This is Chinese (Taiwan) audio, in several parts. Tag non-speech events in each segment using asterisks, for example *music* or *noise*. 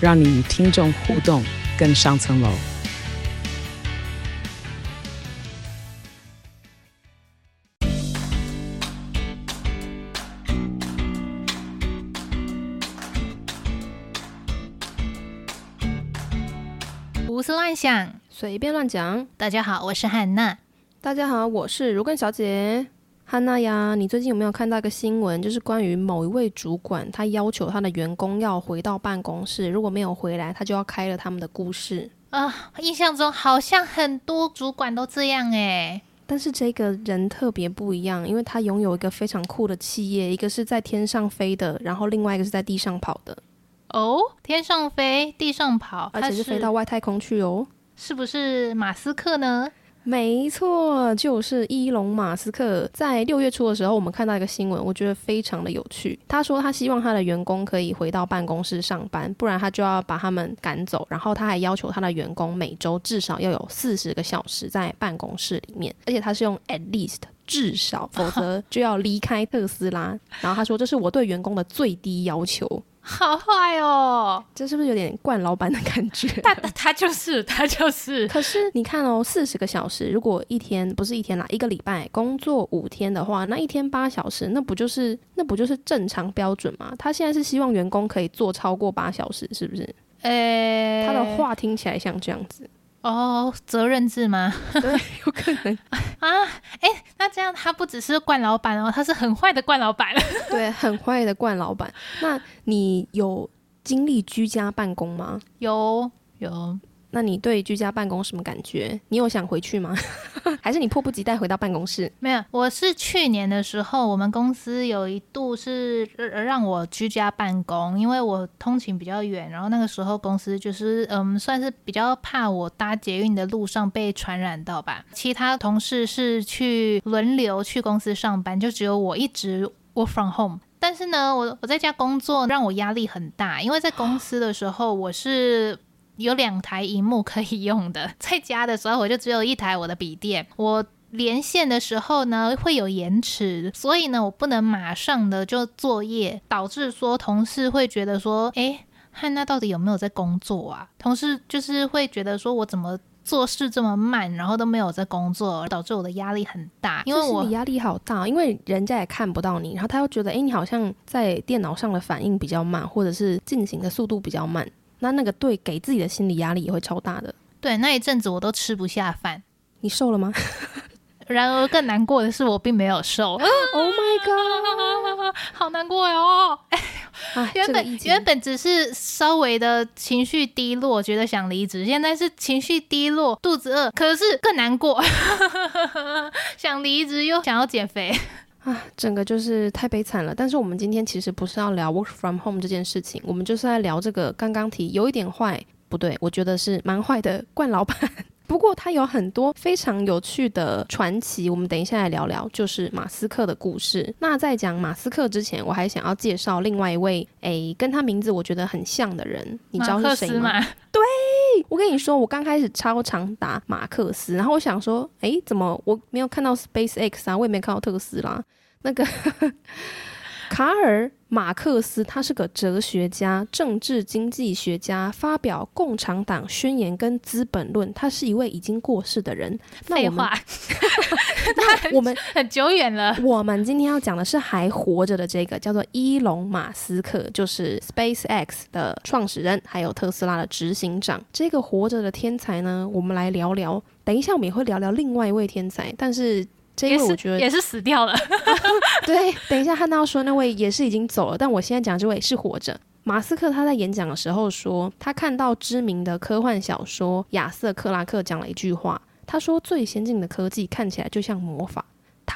讓你與聽眾互動更上層樓。胡思亂想，隨便亂講。大家好，我是漢娜。大家好，我是如根小姐。哈娜呀，aya，你最近有沒有看到一個新聞？就是關於某一位主管，他要求他的員工要回到辦公室，如果沒有回來，他就要開了他們的故事。啊，印象中好像很多主管都這樣誒、欸，但是這個人特別不一樣，因為他擁有一個非常酷的企業，一個是在天上飛的，然後另外一個是在地上跑的。哦，天上飛，地上跑，而且是飛到外太空去哦，是不是馬斯克呢？沒錯，就是伊隆·馬斯克在六月初的時候，我們看到一個新聞，我覺得非常的有趣。他說他希望他的員工可以回到辦公室上班，不然他就要把他們趕走。然後他還要求他的員工每周至少要有四十個小時在辦公室裡面，而且他是用 at least 至少，否則就要離開特斯拉。 *laughs* 然後他說，這是我對員工的最低要求。好壞哦，這是不是有點慣老板的感覺他？他他就是他就是。就是，可是你看哦，四十個小時，如果一天不是一天啦，一個禮拜工作五天的話，那一天八小時，那不就是那不就是正常標準嗎？他現在是希望員工可以做超過八小時，是不是？誒、欸，他的話聽起來像這樣子。哦，責任制嗎？對，有可能 *laughs* 啊。誒、欸，那這樣他不只是慣老闆哦，他是很壞的慣老闆了。 *laughs* 對，很壞的慣老闆。那你有經歷居家辦公嗎？有，有。那你對居家辦公什麼感覺？你有想回去嗎？ *laughs* 還是你迫不及待回到辦公室？沒有，我是去年的時候，我們公司有一度是讓我居家辦公，因為我通勤比較遠。然後那個時候公司就是嗯，算是比較怕我搭捷運的路上被傳染到吧。其他同事是去輪流去公司上班，就只有我一直 work from home。但是呢，我我在家工作讓我壓力很大，因為在公司的時候我是。有兩台熒幕可以用的，在家的時候我就只有一台我的筆電，我連線的時候呢會有延遲，所以呢我不能馬上的就作業，導致說同事會覺得說，誒，漢娜到底有沒有在工作啊？同事就是會覺得說我怎麼做事這麼慢，然後都沒有在工作，導致我的壓力很大。因為我壓力好大，因為人家也看不到你，然後他又覺得，誒，你好像在電腦上的反應比較慢，或者是進行的速度比較慢。那那個對，給自己的心理壓力也會超大的。對，那一陣子我都吃不下飯。你瘦了嗎？ *laughs* 然而更難過的是，我並沒有瘦。 *laughs* Oh my god！ *laughs* 好難過喲。哎，原本原本只是稍微的情緒低落，覺得想離職，現在是情緒低落，肚子餓，可是更難過， *laughs* 想離職又想要減肥。啊，整個就是太悲慘了。但是我們今天其實不是要聊 work from home 這件事情，我們就是在聊這個剛剛提有一點壞，不對，我覺得是蠻壞的冠老板。 *laughs* 不過他有很多非常有趣的傳奇，我們等一下來聊聊，就是馬斯克的故事。那在講馬斯克之前，我還想要介紹另外一位，誒，跟他名字我覺得很像的人，你知道是誰嗎？對，我跟你說，我剛開始超常打馬克思，然後我想說，誒，怎麼我沒有看到 SpaceX 啊？我也沒看到特斯拉。那個 *laughs* 卡爾·馬克思，他是個哲學家、政治經濟學家，發表《共產黨宣言》跟《資本論》，他是一位已經過世的人。廢話，那我們廢話 *laughs* 很久遠了。 *laughs* 我們今天要講的是還活着的這個，叫做伊隆·馬斯克，就是 SpaceX 的創始人，還有特斯拉的執行長。這個活着的天才呢，我們來聊聊。等一下，我們也會聊聊另外一位天才，但是。這我覺得也是,也是死掉了。 *laughs* *laughs* 對，等一下看到說那位也是已經走了，但我現在講這位是活着。馬斯克他在演講的時候說，他看到知名的科幻小說亞瑟·克拉克講了一句話，他說最先進的科技看起來就像魔法。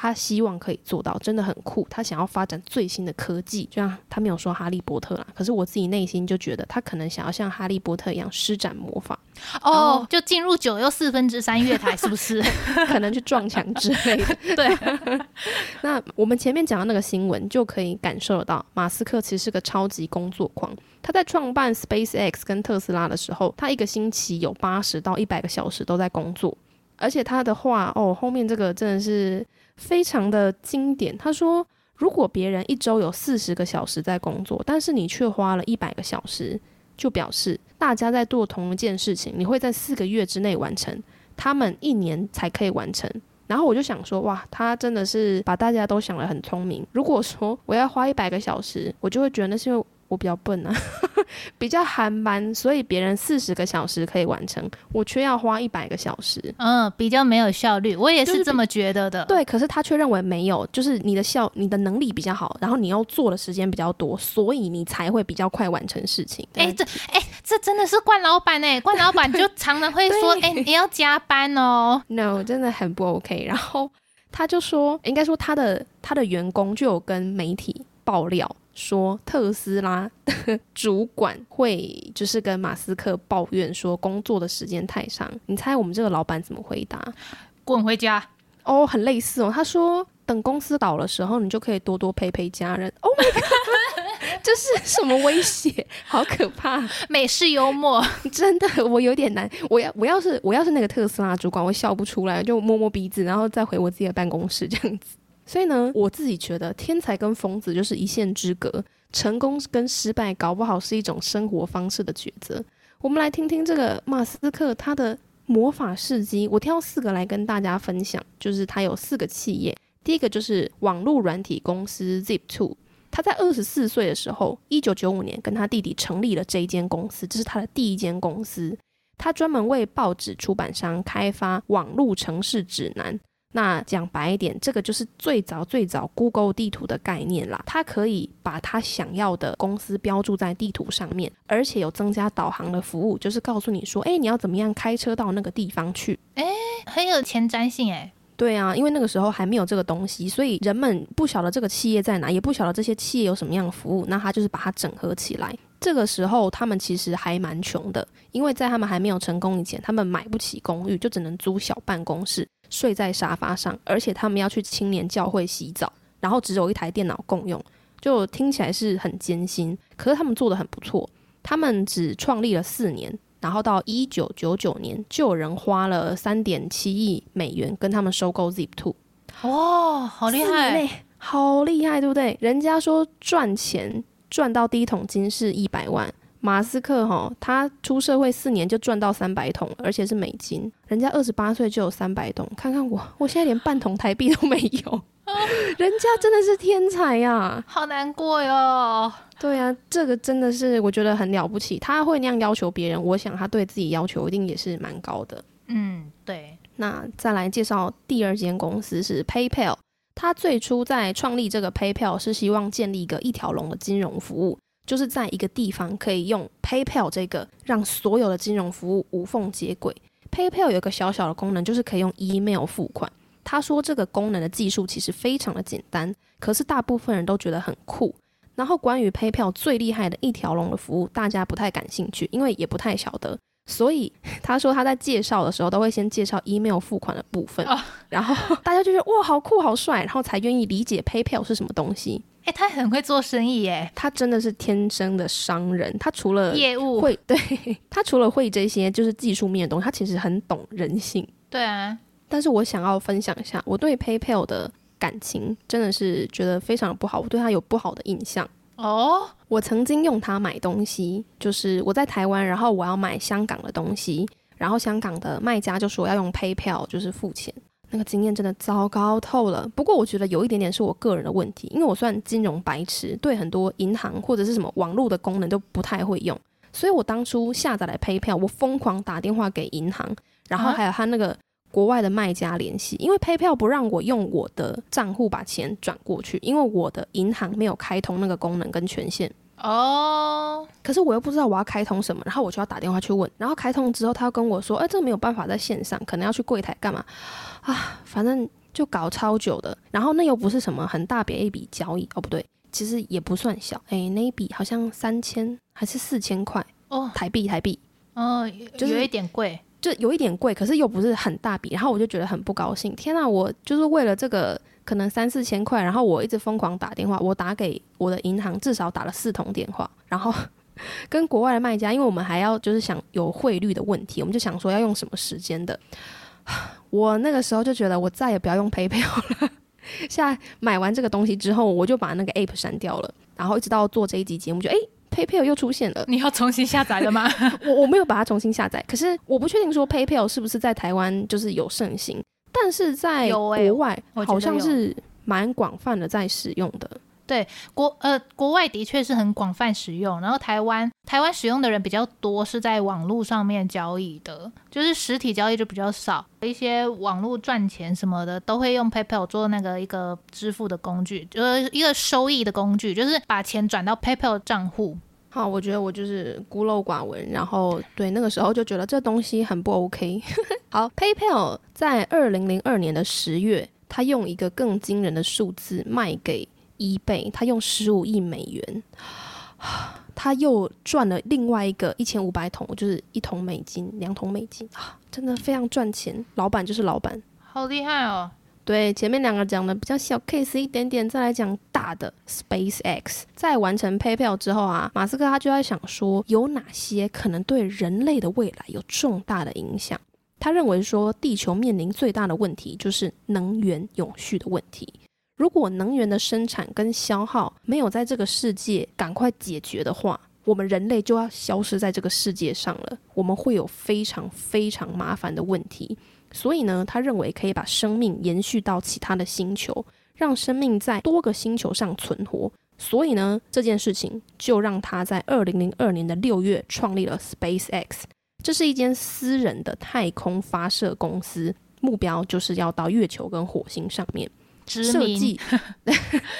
他希望可以做到，真的很酷。他想要發展最新的科技，就像他沒有說哈利波特啦。可是我自己內心就覺得，他可能想要像哈利波特一樣施展魔法哦，然後，就進入九又四分之三月台，是不是？ *laughs* 可能去撞牆之類 *laughs* 對。 *laughs* 那我們前面講的那個新聞，就可以感受得到，馬斯克其實是個超級工作狂。他在創辦 SpaceX 跟特斯拉的時候，他一個星期有八十到一百個小時都在工作，而且他的話，哦，後面這個真的是。非常的經典。他說，如果別人一周有四十個小時在工作，但是你卻花了一百個小時，就表示大家在做同一件事情，你會在四個月之內完成，他們一年才可以完成。然後我就想說，哇，他真的是把大家都想得很聰明。如果說我要花一百個小時，我就會覺得那是因為。我比較笨啊，呵呵比較憨慢，所以別人四十個小時可以完成，我卻要花一百個小時。嗯，比較沒有效率，我也是這麼覺得的。對，可是他卻認為沒有，就是你的效，你的能力比較好，然後你要做的時間比較多，所以你才會比較快完成事情。哎、欸，這哎、欸，這真的是慣老闆哎、欸，慣老闆就常常會說，哎 *laughs* 對、欸，你要加班哦、喔。No，真的很不 OK。然後他就說，應該說他的他的員工就有跟媒體爆料。說特斯拉的主管會就是跟馬斯克抱怨說工作的時間太長，你猜我們這個老闆怎麼回答？滾回家哦，oh, 很類似哦。他說等公司倒了時候，你就可以多多陪陪家人。Oh my god， *laughs* 這是什麼威脅？好可怕！美式幽默，真的，我有點難。我要我要是我要是那個特斯拉主管，我笑不出來，就摸摸鼻子，然後再回我自己的辦公室這樣子。所以呢，我自己覺得天才跟瘋子就是一線之隔，成功跟失敗搞不好是一種生活方式的抉擇。我們來聽聽這個馬斯克他的魔法事蹟，我挑四個來跟大家分享，就是他有四個企業。第一個就是網絡軟體公司 Zip2，他在二十四歲的時候，一九九五年跟他弟弟成立了這一間公司，這是他的第一間公司，他專門為報紙出版商開發網絡城市指南。那講白一點，這個就是最早最早 Google 地圖的概念啦。它可以把它想要的公司標註在地圖上面，而且有增加導航的服務，就是告訴你說，哎，你要怎麼樣開車到那個地方去？哎，很有前瞻性哎。對啊，因為那個時候還沒有這個東西，所以人們不曉得這個企業在哪，也不曉得這些企業有什麼樣的服務。那他就是把它整合起來。這個時候他們其實還蠻窮的，因為在他們還沒有成功以前，他們買不起公寓，就只能租小辦公室。睡在沙發上，而且他們要去青年教會洗澡，然後只有一台電腦共用，就聽起來是很艱辛。可是他們做得很不錯，他們只創立了四年，然後到一九九九年，就有人花了三點七億美元跟他們收購 Zip2。哇、哦，好厲害，好厲害，對不對？人家說賺錢賺到第一桶金是一百萬。馬斯克哈，他出社會四年就賺到三百桶，而且是美金。人家二十八歲就有三百桶，看看我，我現在連半桶台幣都沒有。 *laughs* 人家真的是天才呀、啊，好難過喲、哦。對呀、啊，這個真的是我覺得很了不起。他會那樣要求別人，我想他對自己要求一定也是蠻高的。嗯，對。那再來介紹第二間公司是 PayPal。他最初在創立這個 PayPal 是希望建立一個一條龍的金融服務。就是在一個地方可以用 PayPal 這個讓所有的金融服務無縫接軌。PayPal 有一個小小的功能，就是可以用 email 付款。他說這個功能的技術其實非常的簡單，可是大部分人都覺得很酷。然後關於 PayPal 最厲害的一條龍的服務，大家不太感興趣，因為也不太曉得。所以他說他在介紹的時候，都會先介紹 email 付款的部分，然後大家就覺得哇，好酷好帥，然後才願意理解 PayPal 是什麼東西。誒、欸，他很會做生意誒、欸，他真的是天生的商人。他除了業務會，對他除了會這些就是技術面的東西，他其實很懂人性。對啊，但是我想要分享一下我對 PayPal 的感情，真的是覺得非常不好。我對他有不好的印象哦。Oh? 我曾經用它買東西，就是我在台灣，然後我要買香港的東西，然後香港的賣家就說要用 PayPal 就是付錢。那個經驗真的糟糕透了。不過我覺得有一點點是我個人的問題，因為我算金融白痴，對很多銀行或者是什麼網絡的功能都不太會用。所以我當初下載來 PayPal，我瘋狂打電話給銀行，然後還有他那個國外的賣家聯繫，啊、因為 PayPal 不讓我用我的賬戶把錢轉過去，因為我的銀行沒有開通那個功能跟權限。哦，oh. 可是我又不知道我要開通什麼，然後我就要打電話去問，然後開通之後他又跟我說，哎、欸，這個沒有辦法在線上，可能要去櫃檯幹嘛啊？反正就搞超久的，然後那又不是什麼很大筆一筆交易，哦不對，其實也不算小，哎、欸，那一筆好像三千還是四千塊哦、oh.，台幣台幣，哦，就有一點貴，就有一點貴，可是又不是很大筆，然後我就覺得很不高興，天吶、啊，我就是為了這個。可能三四千塊，然後我一直瘋狂打電話，我打給我的銀行至少打了四通電話，然後跟國外的賣家，因為我們還要就是想有匯率的問題，我們就想說要用什麼時間的。我那個時候就覺得我再也不要用 PayPal 了。現在買完這個東西之後，我就把那個 App 刪掉了，然後一直到做這一集節目就，就哎，PayPal 又出現了。你要重新下載了嗎？ *laughs* 我我沒有把它重新下載，可是我不確定說 PayPal 是不是在台灣就是有盛行。但是在國外有、欸、有好像是蠻廣泛的在使用的。對，國呃國外的確是很廣泛使用，然後台灣台灣使用的人比較多是在網絡上面交易的，就是實體交易就比較少。一些網絡賺錢什麼的都會用 PayPal 做那個一個支付的工具，就是一個收益的工具，就是把錢轉到 PayPal 賬戶。好，我覺得我就是孤陋寡聞，然後對那個時候就覺得這東西很不 OK。 *laughs* 好，PayPal 在二零零二年的十月，他用一個更驚人的數字賣給 eBay，他用十五億美元，他又賺了另外一個一千五百桶，就是一桶美金，兩桶美金，真的非常賺錢。老闆就是老闆，好厲害哦！對，前面兩個講的比較小 case 一點點，再來講大的 SpaceX，在完成 PayPal 之後啊，馬斯克他就在想說，有哪些可能對人類的未來有重大的影響？他認為說，地球面臨最大的問題就是能源永續的問題。如果能源的生產跟消耗沒有在這個世界趕快解決的話，我們人類就要消失在這個世界上了。我們會有非常非常麻煩的問題。所以呢，他認為可以把生命延續到其他的星球，讓生命在多個星球上存活。所以呢，這件事情就讓他在二零零二年的六月創立了 SpaceX，這是一間私人的太空發射公司，目標就是要到月球跟火星上面殖民，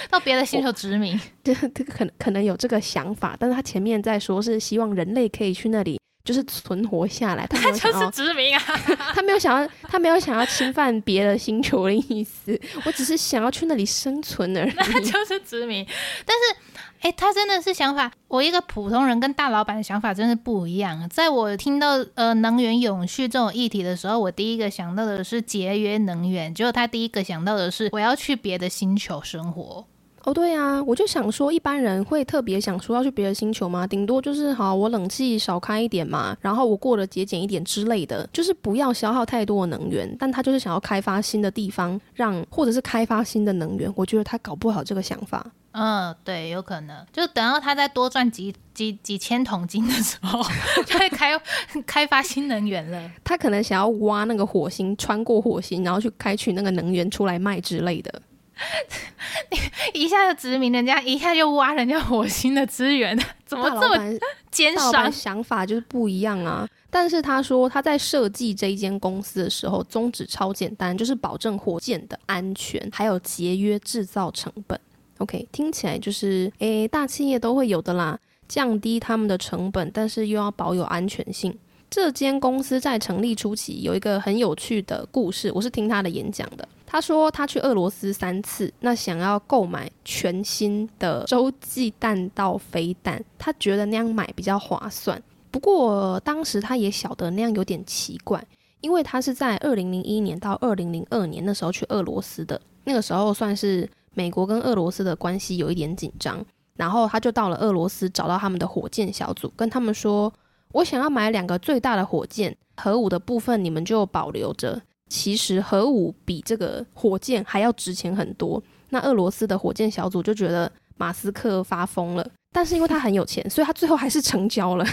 到別的星球殖民。這個可能可能有這個想法，但是他前面在說是希望人類可以去那裡。就是存活下來，他沒有想要就是殖民啊！ *laughs* 他沒有想要，他沒有想要侵犯別的星球的意思。我只是想要去那裡生存而已。他就是殖民，但是，誒、欸,他真的是想法，我一個普通人跟大老闆的想法真的不一樣。在我聽到呃能源永續這種議題的時候，我第一個想到的是節約能源，結果他第一個想到的是我要去別的星球生活。哦，對呀、啊，我就想說，一般人會特別想說要去別的星球嗎？頂多就是好，我冷氣少開一點嘛，然後我過得節儉一點之類的，就是不要消耗太多的能源。但他就是想要開發新的地方，讓或者是開發新的能源。我覺得他搞不好這個想法。嗯，對，有可能，就是等到他再多賺幾幾幾千桶金的時候， *laughs* 就會開開發新能源了。他可能想要挖那個火星，穿過火星，然後去開取那個能源出來賣之類的。 *laughs* 你一下就殖民人家，一下就挖人家火星的資源，怎麼這麼奸商？想法就是不一樣啊！ *laughs* 但是他說他在設計這一間公司的時候，宗旨超簡單，就是保證火箭的安全，還有節約製造成本。OK，聽起來就是誒、欸，大企業都會有的啦，降低他們的成本，但是又要保有安全性。這間公司在成立初期有一個很有趣的故事，我是聽他的演講的。他說他去俄羅斯三次，那想要購買全新的洲際彈道飛彈，他覺得那樣買比較划算。不過當時他也曉得那樣有點奇怪，因為他是在二零零一年到二零零二年那時候去俄羅斯的，那個時候算是美國跟俄羅斯的關係有一點緊張，然後他就到了俄羅斯找到他們的火箭小組，跟他們說。我想要買兩個最大的火箭，核武的部分你們就保留着。其實核武比這個火箭還要值錢很多。那俄羅斯的火箭小組就覺得馬斯克發瘋了，但是因為他很有錢， *laughs* 所以他最後還是成交了。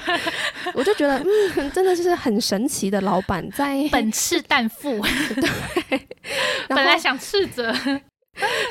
*laughs* 我就覺得，嗯，真的就是很神奇的老闆在，在本次擔負對，本來想斥責。後 *laughs*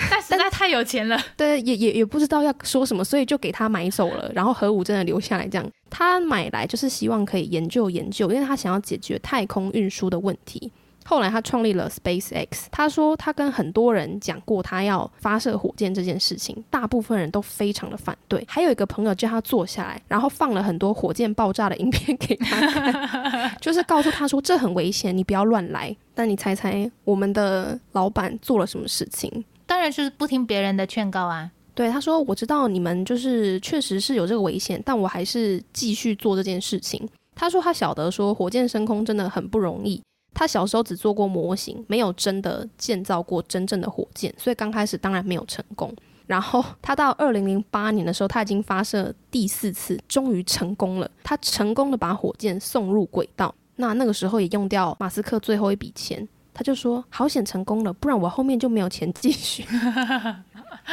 *laughs* 但他太有錢了， *laughs* 對，也也也不知道要說什麼，所以就給他買手了。然後核武真的留下來，這樣他買來就是希望可以研究研究，因為他想要解決太空運輸的問題。後來他創立了 SpaceX，他說他跟很多人講過他要發射火箭這件事情，大部分人都非常的反對。還有一個朋友叫他坐下來，然後放了很多火箭爆炸的影片給他，就是告訴他說這很危險，你不要亂來。但你猜猜我們的老板做了什麼事情？當然是不，是不聽別人的勸告啊！對他說：“我知道你們就是確實是有這個危險，但我還是繼續做這件事情。”他說：“他曉得說火箭升空真的很不容易。他小時候只做過模型，沒有真的建造過真正的火箭，所以剛開始當然沒有成功。然後他到二零零八年的時候，他已經發射第四次，終於成功了。他成功的把火箭送入軌道。那那個時候也用掉馬斯克最後一筆錢。”他就說：“好險成功了，不然我後面就沒有錢繼續。 *laughs* ”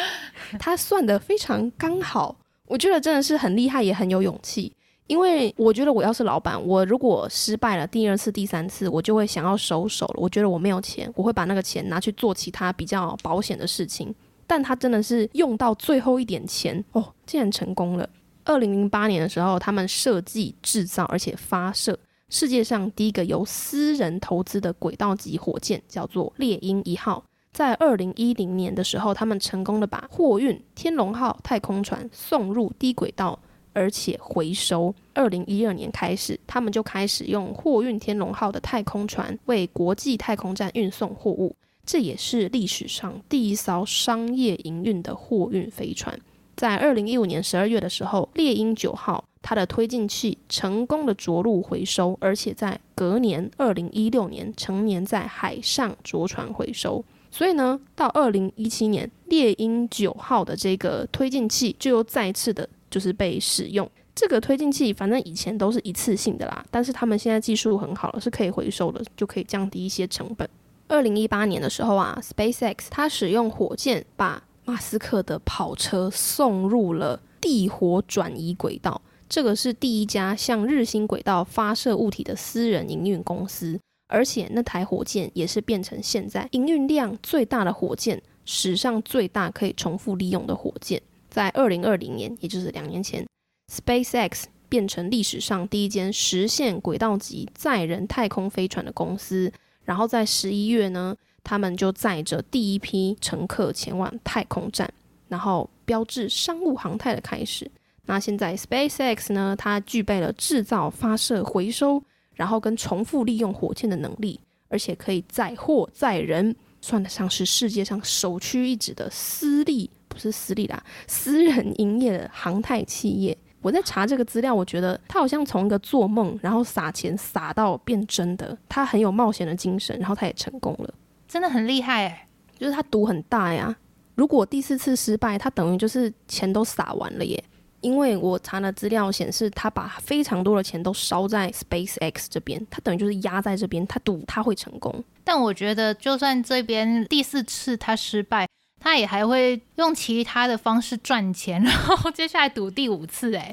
他算得非常剛好，我覺得真的是很厲害，也很有勇氣。因為我覺得我要是老闆，我如果失敗了第二次、第三次，我就會想要收手了。我覺得我沒有錢，我會把那個錢拿去做其他比較保險的事情。但他真的是用到最後一點錢，哦，竟然成功了。二零零八年的時候，他們設計、製造而且發射。世界上第一個由私人投資的軌道級火箭叫做獵鷹一號，在二零一零年的時候，他們成功的把貨運天龍號太空船送入低軌道，而且回收。二零一二年開始，他們就開始用貨運天龍號的太空船為國際太空站運送貨物，這也是歷史上第一艘商業營運的貨運飛船。在二零一五年十二月的時候，獵鷹九號。它的推進器成功的着陸回收，而且在隔年二零一六年成年在海上着船回收。所以呢，到二零一七年獵鷹九號的這個推進器就又再次的就是被使用。這個推進器反正以前都是一次性的啦，但是他們現在技術很好了，是可以回收的，就可以降低一些成本。二零一八年的時候啊，SpaceX 它使用火箭把馬斯克的跑車送入了地火轉移軌道。這個是第一家向日心軌道發射物體的私人營運公司，而且那台火箭也是變成現在營運量最大的火箭，史上最大可以重複利用的火箭。在二零二零年，也就是兩年前，SpaceX 變成歷史上第一間實現軌道級載人太空飛船的公司。然後在十一月呢，他們就載着第一批乘客前往太空站，然後標誌商務航太的開始。那現在 SpaceX 呢？它具備了製造、發射、回收，然後跟重複利用火箭的能力，而且可以載貨載人，算得上是世界上首屈一指的私立，不是私立啦，私人營業的航太企業。我在查這個資料，我覺得他好像從一個做夢，然後撒錢撒到變真的，他很有冒險的精神，然後他也成功了，真的很厲害欸。誒。就是他賭很大呀，如果第四次失敗，他等於就是錢都撒完了耶。因為我查的資料顯示，他把非常多的錢都燒在 SpaceX 這邊，他等於就是壓在這邊，他賭他會成功。但我覺得，就算這邊第四次他失敗，他也還會用其他的方式賺錢，然後接下來賭第五次。哎，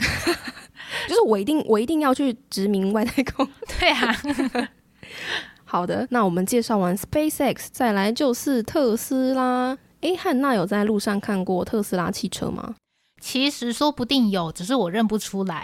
*laughs* 就是我一定我一定要去殖民外太空。 *laughs* 對啊。 *laughs* 好的，那我們介紹完 SpaceX，再來就是特斯拉。哎，漢娜有在路上看過特斯拉汽車嗎？其實說不定有，只是我認不出來、 *laughs*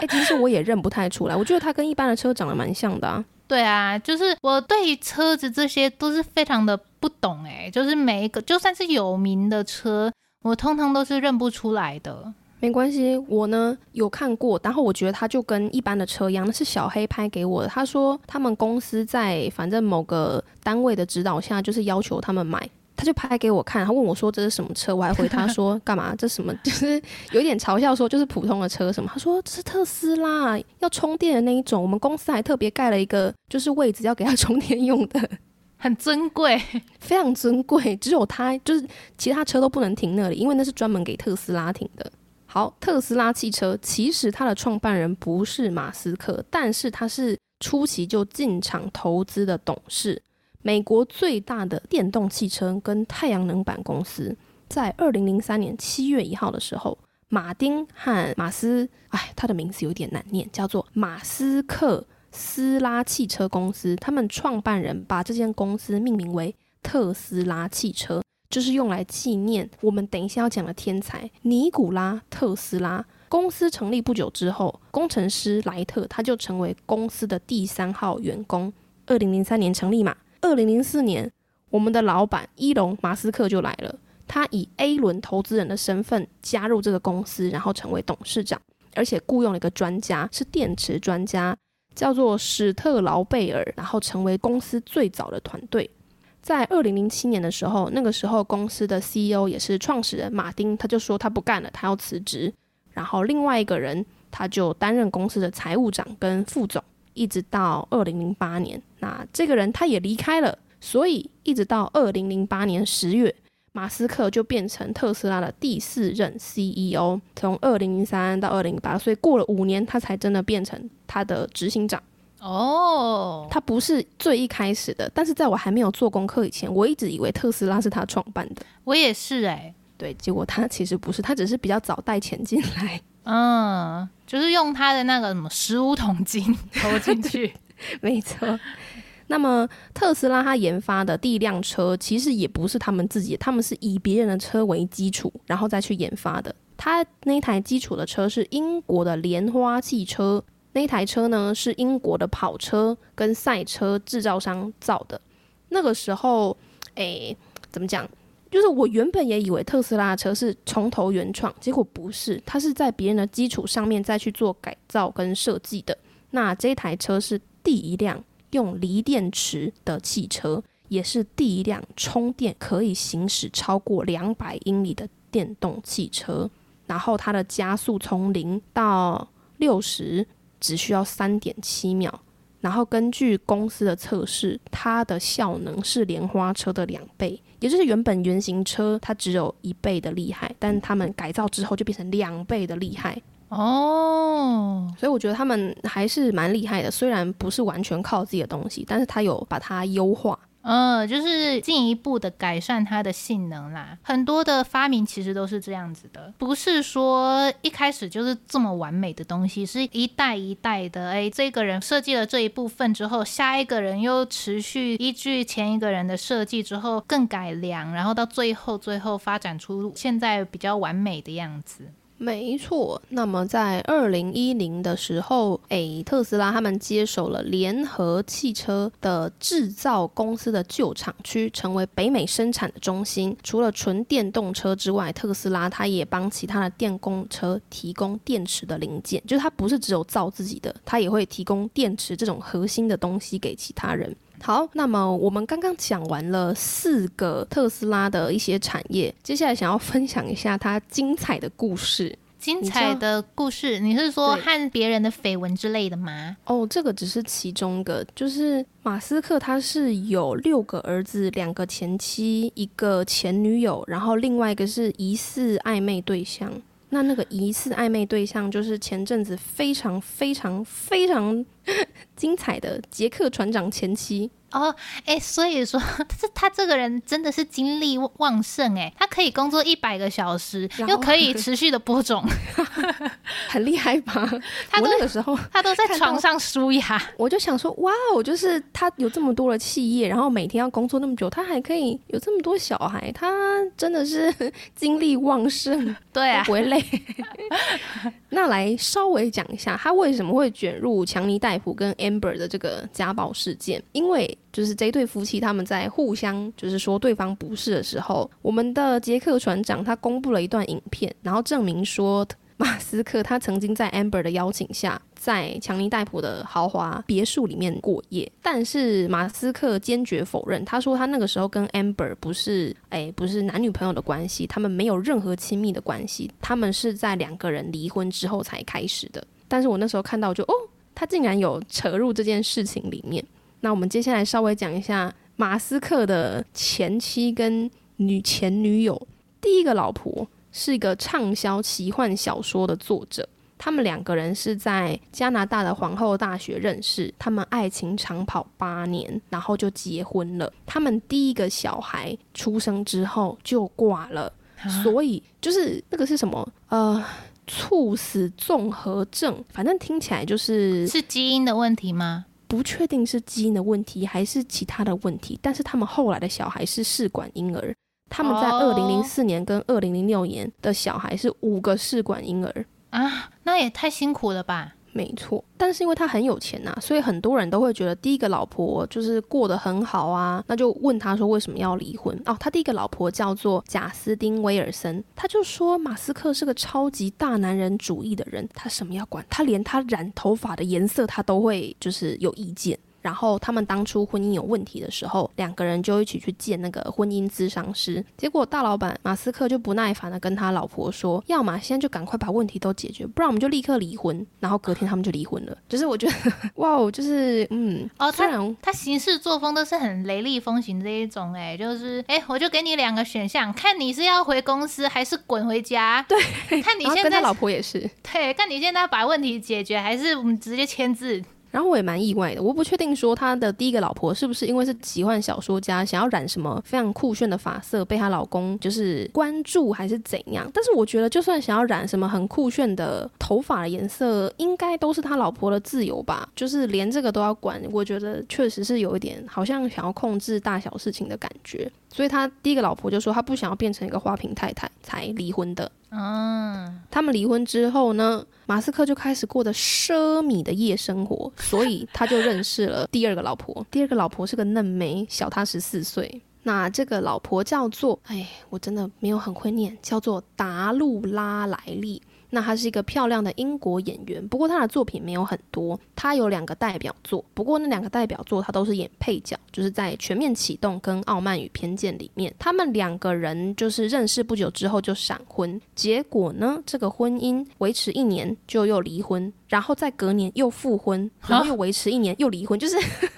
欸。其實我也認不太出來，我覺得它跟一般的車長得蠻像的，啊。對啊，就是我對於車子這些都是非常的不懂誒、欸，就是每一個就算是有名的車，我通通都是認不出來的。沒關係，我呢有看過，然後我覺得它就跟一般的車一樣，是小黑拍給我的。他說他們公司在反正某個單位的指導下，就是要求他們買。他就拍給我看，他問我說這是什麼車，我還回他說幹嘛？ *laughs* 這是什麼，就是有點嘲笑說，就是普通的車什麼？他說這是特斯拉，要充電的那一種。我們公司還特別蓋了一個就是位置要給他充電用的，很尊貴，非常尊貴，只有他就是，其他車都不能停那裡，因為那是專門給特斯拉停的。好，特斯拉汽車其實他的創辦人不是馬斯克，但是他是初期就進場投資的董事。美國最大的電動汽車跟太陽能板公司在二零零三年七月一號的時候，馬丁和馬斯，哎，他的名字有點難念，叫做馬斯克斯拉汽車公司。他們創辦人把這間公司命名為特斯拉汽車，就是用來紀念我們等一下要講的天才尼古拉特斯拉。公司成立不久之後，工程師萊特他就成為公司的第三號員工。二零零三年成立嘛。二零零四年，我們的老闆伊隆·馬斯克就來了，他以 A 輪投資人的身份加入這個公司，然後成為董事長，而且雇傭了一個專家，是電池專家，叫做史特勞貝爾，然後成為公司最早的團隊。在二零零七年的時候，那個時候公司的 CEO 也是創始人馬丁，他就說他不幹了，他要辭職，然後另外一個人，他就擔任公司的財務長跟副總。一直到二零零八年，那這個人他也離開了，所以一直到二零零八年十月，馬斯克就變成特斯拉的第四任 CEO。從二零零三到二零零八，所以過了五年，他才真的變成他的執行長。哦，oh. 他不是最一開始的，但是在我還沒有做功課以前，我一直以為特斯拉是他創辦的。我也是哎、欸，對，結果他其實不是，他只是比較早帶錢進來。嗯，就是用他的那個什麼十五桶金投進去， *laughs* 沒錯。那麼特斯拉他研發的第一輛車其實也不是他們自己，他們是以別人的車為基礎，然後再去研發的。他那台基礎的車是英國的蓮花汽車，那台車呢是英國的跑車跟賽車製造商造的。那個時候，哎、欸，怎麼講？就是我原本也以為特斯拉的車是從頭原創，結果不是，它是在別人的基礎上面再去做改造跟設計的。那這台車是第一輛用鋰電池的汽車，也是第一輛充電可以行駛超過兩百英里的電動汽車。然後它的加速從零到六十只需要三點七秒。然後根據公司的測試，它的效能是蓮花車的兩倍。也就是原本原型車它只有一倍的厲害，但他們改造之後就變成兩倍的厲害哦。所以我覺得他們還是蠻厲害的，雖然不是完全靠自己的東西，但是他有把它優化。嗯，就是進一步的改善它的性能啦。很多的發明其實都是這樣子的，不是說一開始就是這麼完美的東西，是一代一代的。誒，這個人設計了這一部分之後，下一個人又持續依據前一個人的設計之後更改良，然後到最後，最後發展出現在比較完美的樣子。沒錯，那麼在二零一零的時候，誒，特斯拉他們接手了聯合汽車的制造公司的舊廠區，成為北美生產的中心。除了純電動車之外，特斯拉它也幫其他的電動車提供電池的零件，就是它不是只有造自己的，它也會提供電池這種核心的東西給其他人。好，那麼我們剛剛講完了四個特斯拉的一些產業，接下來想要分享一下他精彩的故事。精彩的故事，你，你是說和別人的緋聞之類的嗎？哦對，oh, 這個只是其中一個，就是馬斯克他是有六個兒子，兩個前妻，一個前女友，然後另外一個是疑似曖昧對象。那那個疑似曖昧對象，就是前陣子非常非常非常。精彩的傑克船長前妻哦，哎、oh, 欸，所以說，他這個人真的是精力旺盛，哎，他可以工作一百個小時，了又可以持續的播種， *laughs* 很厲害吧？他都那個時候，他都在床上輸，一下我就想說，哇、哦，我就是他有這麼多的企業，然後每天要工作那麼久，他還可以有這麼多小孩，他真的是精力旺盛，對啊，不會累。 *laughs* 那來稍微講一下，他為什麼會捲入強尼戴跟 Amber 的這個家暴事件，因為就是這一對夫妻他們在互相就是說對方不是的時候，我們的傑克船長他公布了一段影片，然後證明說馬斯克他曾經在 Amber 的邀請下，在強尼戴普的豪華別墅裡面過夜，但是馬斯克堅決否認，他說他那個時候跟 Amber 不是哎不是男女朋友的關係，他們沒有任何親密的關係，他們是在兩個人離婚之後才開始的，但是我那時候看到就哦。他竟然有扯入這件事情裡面。那我們接下來稍微講一下馬斯克的前妻跟女、前女友。第一個老婆是一個暢銷奇幻小說的作者，他們兩個人是在加拿大的皇後大學認識，他們愛情長跑八年，然後就結婚了。他們第一個小孩出生之後就掛了，啊、所以就是那個是什麼？呃。猝死綜合症，反正聽起來就是是基因的問題嗎？不確定是基因的問題還是其他的問題。但是他們後來的小孩是試管嬰兒，他們在二零零四年跟二零零六年的小孩是五個試管嬰兒啊，那也太辛苦了吧。沒錯，但是因為他很有錢呐、啊，所以很多人都會覺得第一個老婆就是過得很好啊，那就問他說為什麼要離婚哦？他第一個老婆叫做賈斯汀·威爾森，他就說馬斯克是個超級大男人主義的人，他什麼要管？他連他染頭髮的顏色他都會就是有意見。然後他們當初婚姻有問題的時候，兩個人就一起去見那個婚姻諮商師。結果大老闆馬斯克就不耐煩的跟他老婆說：“要嘛現在就趕快把問題都解決，不然我們就立刻離婚。”然後隔天他們就離婚了。就是我覺得哇哦，就是嗯，哦，他他行事作風都是很雷厲風行這一種、欸，哎，就是哎、欸，我就給你兩個選項，看你是要回公司還是滾回家。對，看你現在跟他老婆也是，對，看你現在要把問題解決還是我們直接簽字。然後我也蠻意外的，我不確定說他的第一個老婆是不是因為是奇幻小說家，想要染什麼非常酷炫的髮色，被她老公就是關注還是怎樣。但是我覺得，就算想要染什麼很酷炫的頭髮的顏色，應該都是他老婆的自由吧。就是連這個都要管，我覺得確實是有一點好像想要控制大小事情的感覺。所以他第一個老婆就說他不想要變成一個花瓶太太，才離婚的。嗯， *noise* 他們離婚之後呢，馬斯克就開始過的奢靡的夜生活，所以他就認識了第二個老婆。 *laughs* 第二個老婆是個嫩妹，小他十四歲。那這個老婆叫做，哎，我真的沒有很會念，叫做達露拉萊利。那他是一個漂亮的英國演員，不過他的作品沒有很多。他有兩個代表作，不過那兩個代表作他都是演配角，就是在《全面啟動》跟《傲慢與偏見》裡面。他們兩個人就是認識不久之後就閃婚，結果呢，這個婚姻維持一年就又離婚，然後在隔年又復婚，然後又維持一年又離婚，Huh? 就是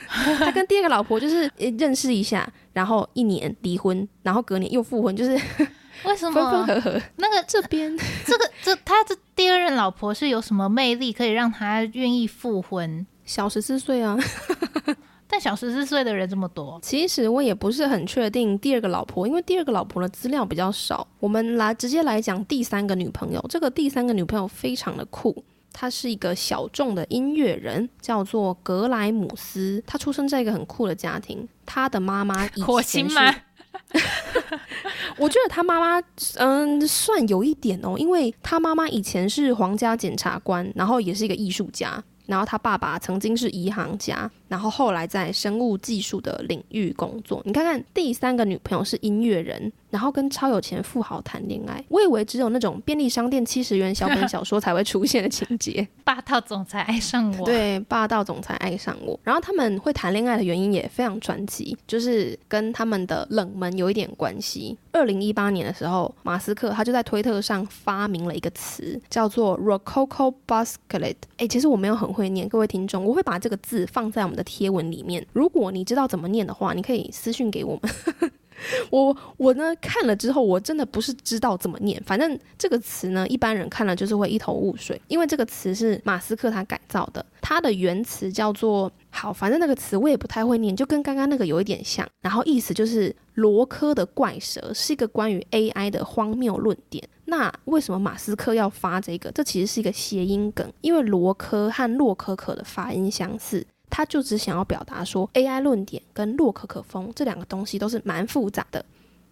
*laughs* 他跟第二個老婆就是認識一下，然後一年離婚，然後隔年又復婚，就是。 *laughs* 為什麼分分合合？那個這邊這個這他這第二任老婆是有什麼魅力可以讓他願意復婚？小十四歲啊， *laughs* 但小十四歲的人這麼多。其實我也不是很確定第二個老婆，因為第二個老婆的資料比較少。我們來直接來講第三個女朋友。這個第三個女朋友非常的酷，她是一個小眾的音樂人，叫做格萊姆斯。她出生在一個很酷的家庭，她的媽媽是火星 *laughs* 我覺得他媽媽，嗯，算有一點哦，因為他媽媽以前是皇家檢察官，然後也是一個藝術家，然後他爸爸曾經是銀行家。然後後來在生物技術的領域工作。你看看第三個女朋友是音樂人，然後跟超有錢富豪談戀愛。我以為只有那種便利商店七十元小本小說才會出現的情節。 *laughs* 霸道總裁愛上我。對，霸道總裁愛上我。然後他們會談戀愛的原因也非常傳奇，就是跟他們的冷門有一點關係。二零一八年的時候，馬斯克他就在推特上發明了一個詞，叫做 Rococo basilisk。哎，其實我沒有很會念，各位聽眾，我會把這個字放在我們的。貼文裡面，如果你知道怎麼念的話，你可以私信給我們。 *laughs* 我我呢看了之後，我真的不是知道怎麼念。反正這個詞呢，一般人看了就是會一頭霧水，因為這個詞是馬斯克他改造的，它的原詞叫做“好”，反正那個詞我也不太會念，就跟剛剛那個有一點像。然後意思就是“羅科的怪蛇”是一個關於 AI 的荒謬論點。那為什麼馬斯克要發這個？這其實是一個諧音梗，因為“羅科”和“洛可可”的發音相似。他就只想要表達說，AI 論點跟洛可可風這兩個東西都是蠻複雜的，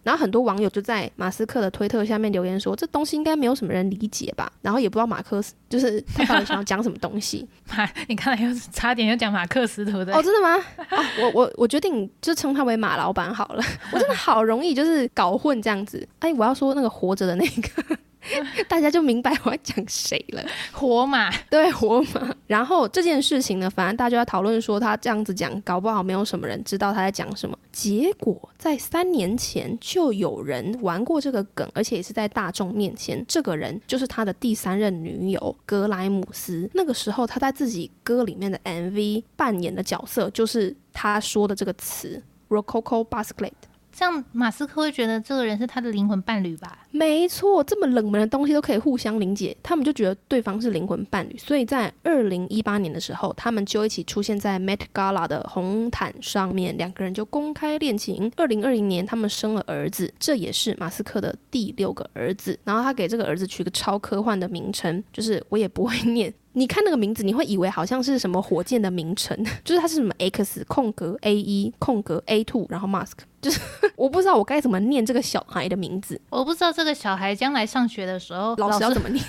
然後很多網友就在馬斯克的推特下面留言說，這東西應該沒有什麼人理解吧，然後也不知道馬克思就是他到底想要講什麼東西。 *laughs* 你看來又差點要講馬克思的對不對，哦，真的嗎？哦、我我我決定就稱他為馬老闆好了， *laughs* 我真的好容易就是搞混這樣子。哎，我要說那個活着的那個。 *laughs* 大家就明白我要講誰了，活馬對活馬。然後這件事情呢，反正大家就要討論說他這樣子講，搞不好沒有什麼人知道他在講什麼。結果在三年前就有人玩過這個梗，而且也是在大眾面前。這個人就是他的第三任女友格萊姆斯。那個時候他在自己歌裡面的 MV 扮演的角色，就是他說的這個詞 “Rococo Basilisk”。像馬斯克會覺得這個人是他的靈魂伴侶吧？沒錯，這麼冷門的東西都可以互相理解，他們就覺得對方是靈魂伴侶。所以在二零一八年的時候，他們就一起出現在 Met Gala 的紅毯上面，兩個人就公開戀情。二零二零年，他們生了兒子，這也是馬斯克的第六個兒子。然後他給這個兒子取個超科幻的名稱，就是我也不會念。你看那個名字，你會以為好像是什麼火箭的名稱，就是它是什麼 X 空格 A 1空格 A two，然後 Mask，就是我不知道我該怎麼念這個小孩的名字，我不知道這個小孩將來上學的時候，老師要怎麼念，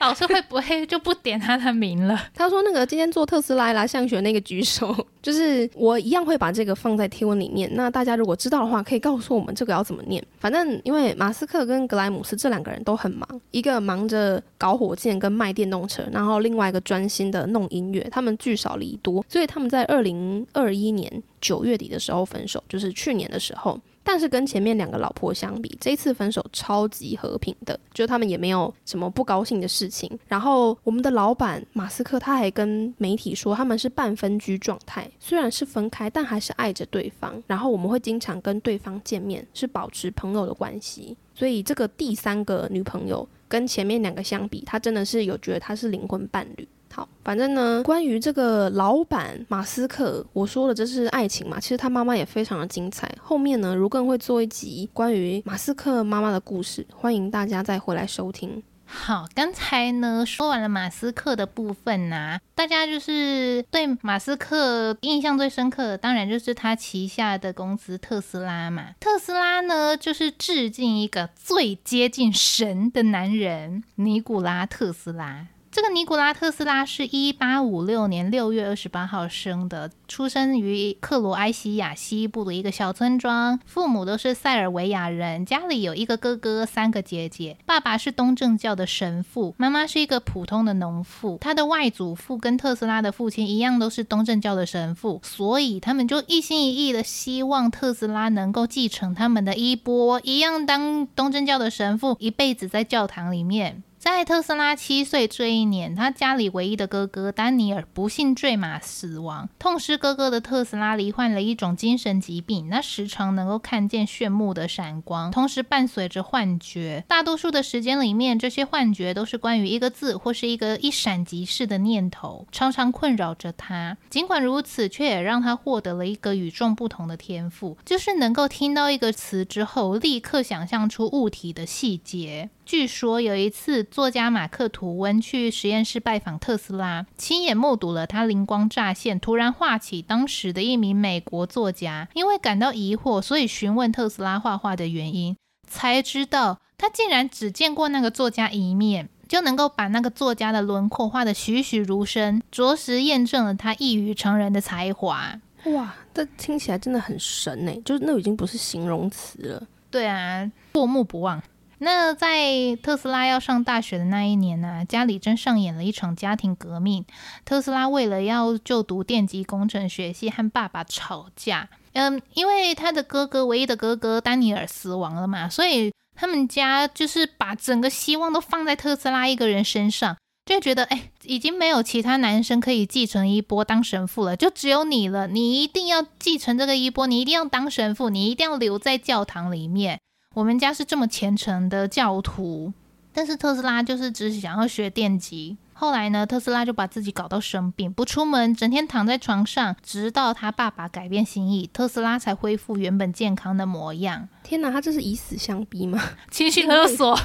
老師, *laughs* 老師會不會就不點他的名了？他說那個今天坐特斯拉來上學那個舉手，就是我一樣會把這個放在貼文裡面。那大家如果知道的話，可以告訴我們這個要怎麼念。反正因為馬斯克跟格萊姆斯這兩個人都很忙，一個忙着搞火箭跟賣電動車，然後。另外一個專心的弄音樂，他們聚少離多，所以他們在二零二一年九月底的時候分手，就是去年的時候。但是跟前面兩個老婆相比，這一次分手超級和平的，就他們也沒有什麼不高興的事情。然後我們的老闆馬斯克他還跟媒體說，他們是半分居狀態，雖然是分開，但還是愛着對方。然後我們會經常跟對方見面，是保持朋友的關係。所以這個第三個女朋友。跟前面兩個相比，他真的是有覺得他是靈魂伴侶。好，反正呢，關於這個老闆馬斯克，我說的這是愛情嘛。其實他媽媽也非常的精彩。後面呢，如果會做一集關於馬斯克媽媽的故事，歡迎大家再回來收聽。好，剛才呢，說完了馬斯克的部分吶、啊，大家就是對馬斯克印象最深刻的，當然就是他旗下的公司特斯拉嘛。特斯拉呢，就是致敬一個最接近神的男人——尼古拉·特斯拉。這個尼古拉·特斯拉是一八五六年六月二十八號生的，出生於克羅埃西亞西部的一個小村莊，父母都是塞爾維亞人，家裡有一個哥哥，三個姐姐。爸爸是東正教的神父，媽媽是一個普通的農婦。他的外祖父跟特斯拉的父親一樣，都是東正教的神父，所以他們就一心一意地希望特斯拉能夠繼承他們的衣缽，一樣當東正教的神父，一輩子在教堂裡面。在特斯拉七歲這一年，他家裡唯一的哥哥丹尼爾不幸墜馬死亡，痛失哥哥的特斯拉罹患了一種精神疾病，他時常能夠看見炫目的閃光，同時伴隨着幻覺。大多數的時間裡面，這些幻覺都是關於一個字或是一個一閃即逝的念頭，常常困擾着他。儘管如此，卻也讓他獲得了一個與眾不同的天賦，就是能夠聽到一個詞之後，立刻想象出物體的細節。據說有一次，作家馬克·吐溫去實驗室拜訪特斯拉，親眼目睹了他靈光乍現，突然畫起當時的一名美國作家。因為感到疑惑，所以詢問特斯拉畫畫的原因，才知道他竟然只見過那個作家一面，就能夠把那個作家的輪廓畫得栩栩如生，着實驗證了他異於常人的才華。哇，這聽起來真的很神呢！就是那已經不是形容詞了。對啊，過目不忘。那在特斯拉要上大學的那一年呢、啊，家裡正上演了一場家庭革命。特斯拉為了要就讀電機工程學系，和爸爸吵架。嗯，因為他的哥哥，唯一的哥哥丹尼爾死亡了嘛，所以他們家就是把整個希望都放在特斯拉一個人身上，就覺得哎，已經沒有其他男生可以繼承衣缽當神父了，就只有你了，你一定要繼承這個衣缽，你一定要當神父，你一定要留在教堂裡面。我們家是這麼虔誠的教徒，但是特斯拉就是只想要學電機。後來呢，特斯拉就把自己搞到生病，不出門，整天躺在床上，直到他爸爸改變心意，特斯拉才恢復原本健康的模樣。天哪，他這是以死相逼嗎？情緒勒索，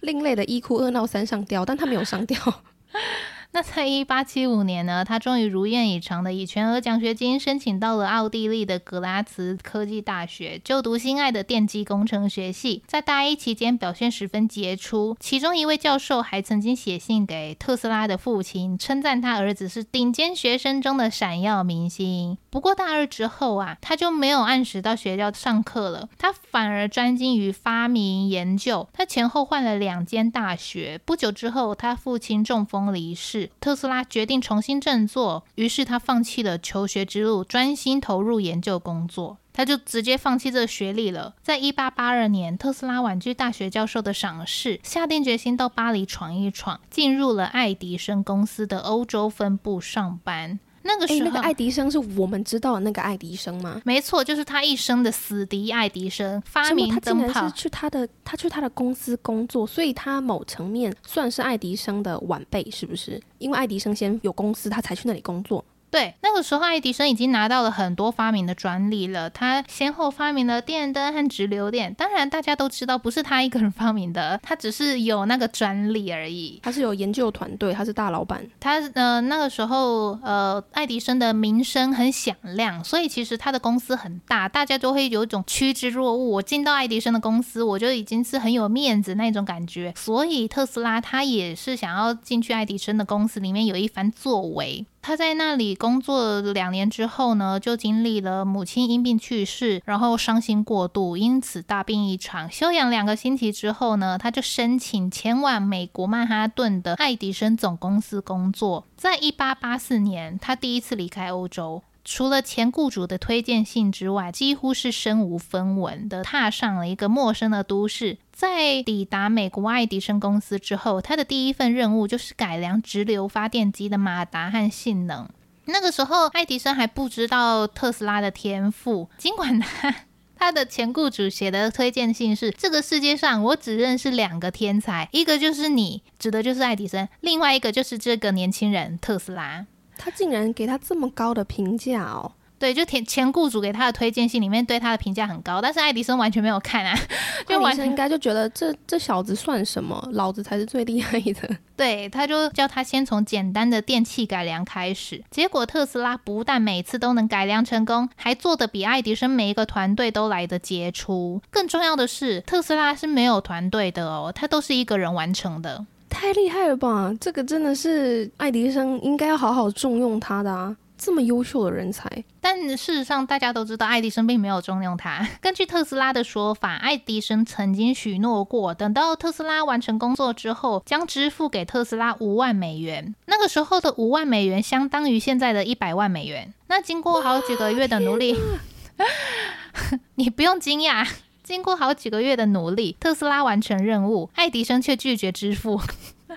另類的一哭二鬧三上吊，但他沒有上吊。 *laughs* 那在一八七五年呢，他終於如願以償的以全額獎學金申請到了奧地利的格拉茨科技大學，就讀心愛的電機工程學系。在大一期間表現十分傑出，其中一位教授還曾經寫信給特斯拉的父親，稱讚他兒子是頂尖學生中的閃耀明星。不過大二之後啊，他就沒有按時到學校上課了。他反而專精於發明研究。他前後換了兩間大學。不久之後，他父親中風離世。特斯拉決定重新振作，於是他放棄了求學之路，專心投入研究工作。他就直接放棄這學歷了。在一八八二年，特斯拉婉拒大學教授的賞識，下定決心到巴黎闖一闖，進入了愛迪生公司的歐洲分部上班。那個時候，那個、愛迪生是我們知道的那個愛迪生嗎？沒錯，就是他一生的死敵愛迪生發明燈泡。他真的是去他的，他去他的公司工作，所以他某層面算是愛迪生的晚輩，是不是？因為愛迪生先有公司，他才去那裡工作。對，那個時候愛迪生已經拿到了很多發明的專利了。他先後發明了電燈和直流電。當然，大家都知道不是他一個人發明的，他只是有那個專利而已。他是有研究團隊，他是大老闆。他呃那個時候呃愛迪生的名聲很響亮，所以其實他的公司很大，大家都會有一種趨之若鶩。我進到愛迪生的公司，我就已經是很有面子那種感覺。所以特斯拉他也是想要進去愛迪生的公司裡面有一番作為。他在那裡工作兩年之後呢，就經歷了母親因病去世，然後傷心過度，因此大病一場。休養兩個星期之後呢，他就申請前往美國曼哈頓的愛迪生總公司工作。在一八八四年，他第一次離開歐洲，除了前雇主的推薦信之外，幾乎是身無分文的踏上了一個陌生的都市。在抵達美國愛迪生公司之後，他的第一份任務就是改良直流發電機的馬達和性能。那個時候，愛迪生還不知道特斯拉的天賦。儘管他他的前雇主寫的推薦信是：這個世界上我只認識兩個天才，一個就是你，指的就是愛迪生；另外一個就是這個年輕人特斯拉。他竟然給他這麼高的評價哦。對，就前前雇主給他的推薦信裡面對他的評價很高，但是愛迪生完全沒有看啊，就完全應該就覺得這這小子算什麼？老子才是最厲害的。對，他就叫他先從簡單的電器改良開始。結果特斯拉不但每次都能改良成功，還做得比愛迪生每一個團隊都來得傑出。更重要的是，特斯拉是沒有團隊的哦，他都是一個人完成的。太厲害了吧！這個真的是愛迪生應該要好好重用他的啊。這麼優秀的人才，但事實上大家都知道，愛迪生並沒有重用他。根據特斯拉的說法，愛迪生曾經許諾過，等到特斯拉完成工作之後，將支付給特斯拉五萬美元。那個時候的五萬美元相當於現在的一百萬美元。那經過好幾個月的努力，哇 *laughs* 你不用驚訝，經過好幾個月的努力，特斯拉完成任務，愛迪生卻拒絕支付。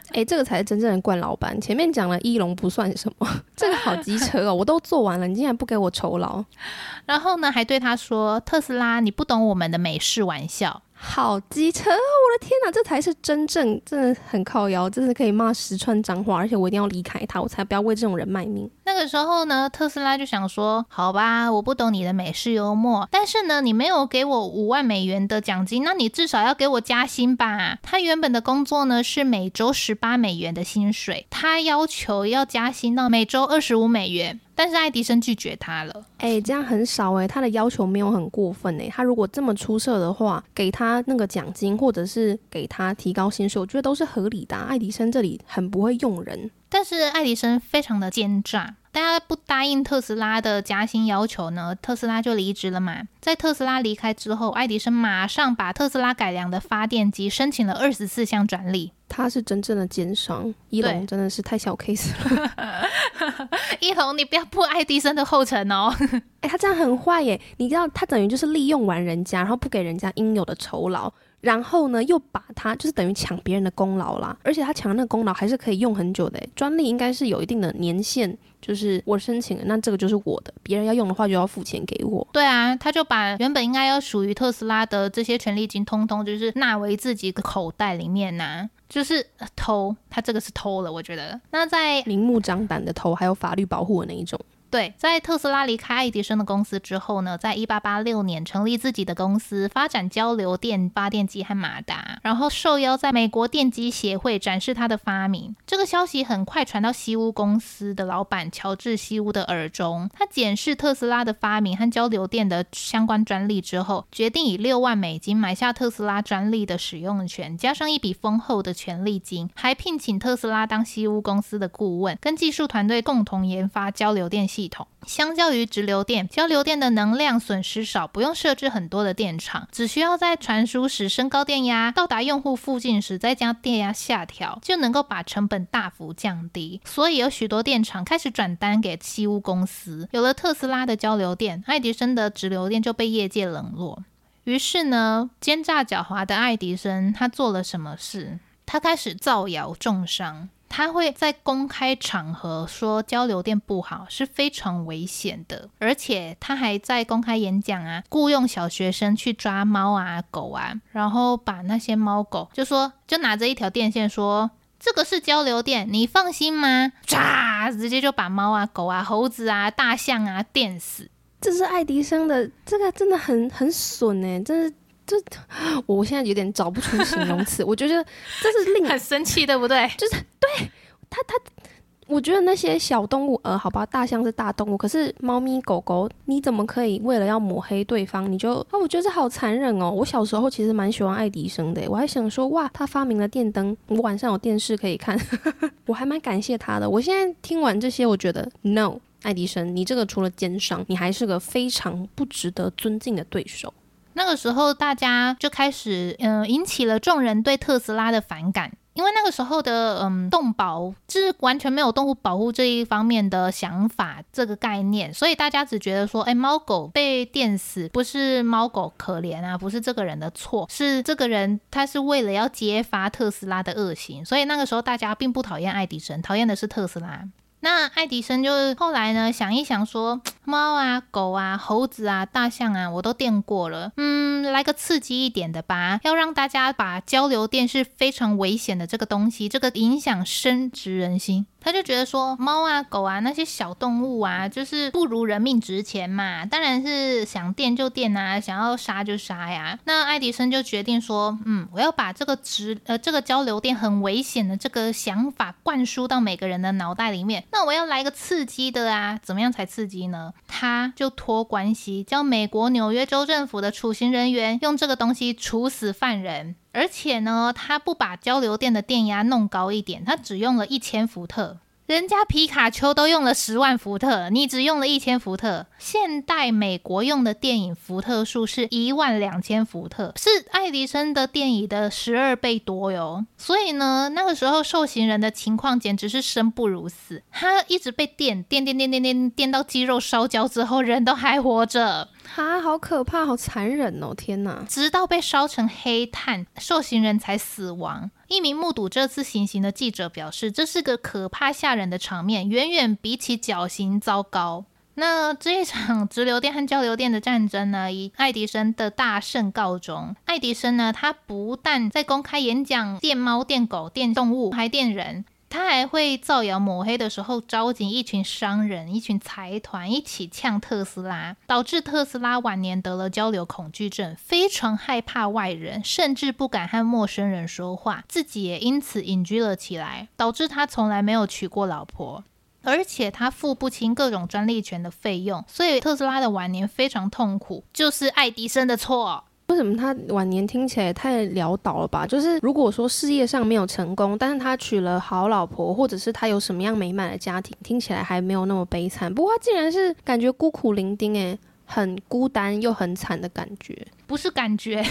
哎、欸，這個才是真正的慣老闆。前面講了，伊隆不算什麼， *laughs* 這個好機車哦，我都做完了，你竟然不給我酬勞？ *laughs* 然後呢，還對他說：“特斯拉，你不懂我們的美式玩笑。”好機車！我的天哪、啊，這才是真正，真的很靠腰，真是可以罵十串髒話，而且我一定要離開他，我才不要為這種人賣命。那個時候呢，特斯拉就想說：“好吧，我不懂你的美式幽默，但是呢，你沒有給我五萬美元的獎金，那你至少要給我加薪吧、啊。”他原本的工作呢是每周十八美元的薪水，他要求要加薪到每周二十五美元。但是愛迪生拒絕他了。哎、欸，這樣很少哎、欸，他的要求沒有很過分哎、欸。他如果這麼出色的話，給他那個獎金，或者是給他提高薪水，我覺得都是合理的。愛迪生這裡很不會用人。但是愛迪生非常的奸詐，大家不答應特斯拉的加薪要求呢，特斯拉就離職了嘛。在特斯拉離開之後，愛迪生馬上把特斯拉改良的發電機申請了二十四項專利。他是真正的奸商，伊隆真的是太小 case 了。對 *laughs* *laughs* 一紅，你不要步愛迪生的後塵哦！哎、欸，他這樣很壞耶！你知道，他等於就是利用完人家，然後不給人家應有的酬勞，然後呢，又把他就是等於搶別人的功勞啦。而且他搶那個功勞還是可以用很久的，專利應該是有一定的年限，就是我申請的。那這個就是我的，別人要用的話就要付錢給我。對啊，他就把原本應該要屬於特斯拉的這些權利金，通通就是納為自己的口袋裡面拿。就是、呃、偷，他這個是偷了，我覺得。那在明目張膽的偷，還有法律保護的那一種。對，在特斯拉離開愛迪生的公司之後呢，在1886年成立自己的公司，發展交流電發電機和馬達，然後受邀在美國電機協會展示他的發明。這個消息很快傳到西屋公司的老闆喬治·西屋的耳中，他檢視特斯拉的發明和交流電的相關專利之後，決定以六萬美金買下特斯拉專利的使用權，加上一筆豐厚的權利金，還聘請特斯拉當西屋公司的顧問，跟技術團隊共同研發交流電。系統相較於直流電，交流電的能量損失少，不用設置很多的電廠，只需要在傳輸時升高電壓，到達用戶附近時再將電壓下調，就能夠把成本大幅降低。所以有許多電廠開始轉單給西屋公司。有了特斯拉的交流電，愛迪生的直流電就被業界冷落。於是呢，奸詐狡猾的愛迪生他做了什麼事？他開始造謠中傷。他會在公開場合說交流電不好，是非常危險的，而且他還在公開演講啊，僱傭小學生去抓貓啊、狗啊，然後把那些貓狗就說就拿着一條電線說這個是交流電，你放心嗎？唰，直接就把貓啊、狗啊、猴子啊、大象啊電死。這是愛迪生的，這個真的很很損哎、欸，真是。這，我現在有點找不出形容詞。 *laughs* 我覺得這是令很生氣，對不對？就是對他他，我覺得那些小動物呃，好吧，大象是大動物，可是貓咪狗狗，你怎麼可以為了要抹黑對方，你就啊、哦？我覺得這好殘忍哦！我小時候其實蠻喜歡愛迪生的，我還想說哇，他發明了電燈，我晚上有電視可以看， *laughs* 我還蠻感謝他的。我現在聽完這些，我覺得，no，愛迪生，你這個除了奸商，你還是個非常不值得尊敬的對手。那個時候，大家就開始，嗯，引起了眾人對特斯拉的反感，因為那個時候的，嗯，動保是完全沒有動物保護這一方面的想法，這個概念，所以大家只覺得說，哎、欸，貓狗被電死，不是貓狗可憐啊，不是這個人的錯，是這個人他是為了要揭發特斯拉的惡行，所以那個時候大家並不討厭愛迪生，討厭的是特斯拉。那愛迪生就是後來呢，想一想說，貓啊、狗啊、猴子啊、大象啊，我都電過了，嗯，來個刺激一點的吧，要讓大家把交流電是非常危險的這個東西，這個影響深植人心。他就覺得說，貓啊、狗啊那些小動物啊，就是不如人命值錢嘛，當然是想電就電啊，想要殺就殺呀。那愛迪生就決定說，嗯，我要把這個直呃這個交流電很危險的這個想法灌輸到每個人的腦袋裡面。那我要來個刺激的啊，怎麼樣才刺激呢？他就托關係，叫美國紐約州政府的處刑人員用這個東西處死犯人。而且呢，他不把交流電的電壓弄高一點，他只用了一千伏特。人家皮卡丘都用了十萬伏特，你只用了一千伏特。現代美國用的電刑伏特數是一萬兩千伏特，是愛迪生的電刑的十二倍多喲、哦。所以呢，那個時候受刑人的情況簡直是生不如死，他一直被電電電電電電電到肌肉燒焦之後，人都還活着啊，好可怕，好殘忍哦，天哪！直到被燒成黑炭，受刑人才死亡。一名目睹這次行刑的記者表示：“這是個可怕嚇人的場面，遠遠比起絞刑糟糕。”那這一場直流電和交流電的戰爭呢，以愛迪生的大勝告終。愛迪生呢，他不但在公開演講電貓、電狗、電動物，還電人。他還會造謠抹黑的時候，召集一群商人、一群財團一起嗆特斯拉，導致特斯拉晚年得了交流恐懼症，非常害怕外人，甚至不敢和陌生人說話，自己也因此隱居了起來，導致他從來沒有娶過老婆，而且他付不清各種專利權的費用，所以特斯拉的晚年非常痛苦，就是愛迪生的錯。為什麼他晚年聽起來太潦倒了吧？就是如果說事業上沒有成功，但是他娶了好老婆，或者是他有什麼樣美滿的家庭，聽起來還沒有那麼悲慘。不過他竟然是感覺孤苦伶仃，誒，很孤單又很慘的感覺，不是感覺，